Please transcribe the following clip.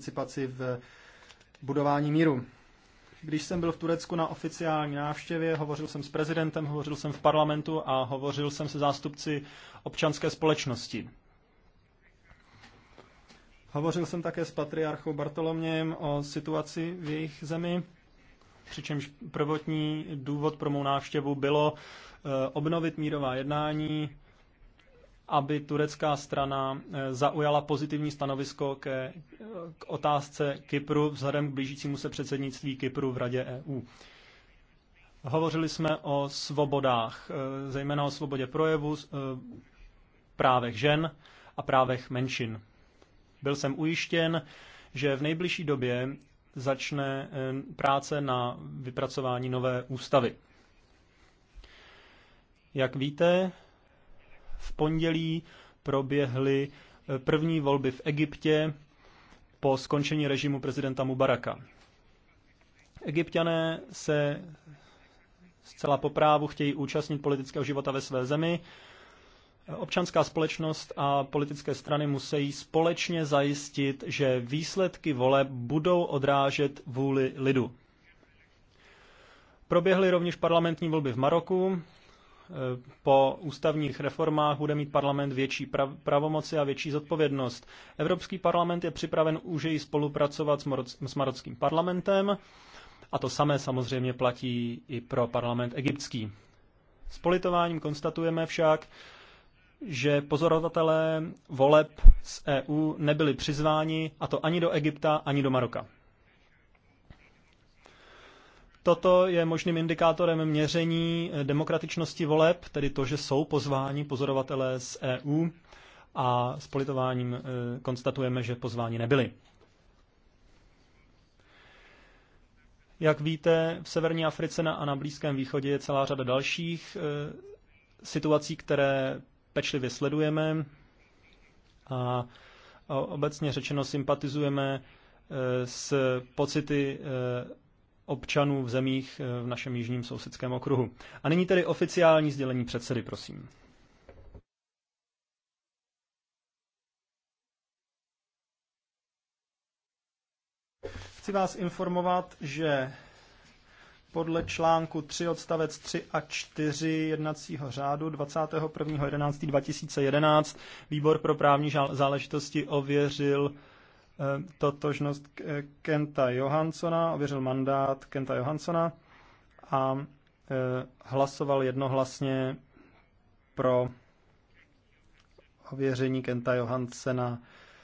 participaci v budování míru. Když jsem byl v Turecku na oficiální návštěvě, hovořil jsem s prezidentem, hovořil jsem v parlamentu a hovořil jsem se zástupci občanské společnosti. Hovořil jsem také s patriarchou Bartolomějem o situaci v jejich zemi, přičemž prvotní důvod pro mou návštěvu bylo eh, obnovit mírová jednání, aby turecká strana eh, zaujala pozitivní stanovisko ke k otázce Kypru vzhledem k blížícímu se předsednictví Kypru v Radě EU. Hovořili jsme o svobodách, e, zejména o svobodě projevu, e, právech žen a právech menšin. Byl jsem ujištěn, že v nejbližší době začne e, práce na vypracování nové ústavy. Jak víte, v pondělí proběhly první volby v Egyptě po skončení režimu prezidenta Mubaraka. Egyptiané se zcela po právu chtějí účastnit politického života ve své zemi. Občanská společnost a politické strany musí společně zajistit, že výsledky voleb budou odrážet vůli lidu. Proběhly rovněž parlamentní volby v Maroku, po ústavních reformách bude mít parlament větší prav- pravomoci a větší zodpovědnost. Evropský parlament je připraven už i spolupracovat s, mor- s marockým parlamentem a to samé samozřejmě platí i pro parlament egyptský. S politováním konstatujeme však, že pozorovatelé voleb z EU nebyli přizváni, a to ani do Egypta, ani do Maroka. Toto je možným indikátorem měření eh, demokratičnosti voleb, tedy to, že jsou pozváni pozorovatelé z EU a s politováním eh, konstatujeme, že pozváni nebyli. Jak víte, v severní Africe a na Blízkém východě je celá řada dalších eh, situací, které pečlivě sledujeme a obecně řečeno sympatizujeme s pocity občanů v zemích eh, v našem jižním sousedském okruhu. A nyní tedy oficiální sdělení předsedy, prosím. Chci vás informovat, že podle článku 3 odstavec 3 a 4 jednacího řádu 21.11.2011 výbor pro právní záležitosti ověřil Eh, totožnost eh, Kenta Johansona, ověřil mandát Kenta Johansona a eh, hlasoval jednohlasně pro ověření Kenta Johansena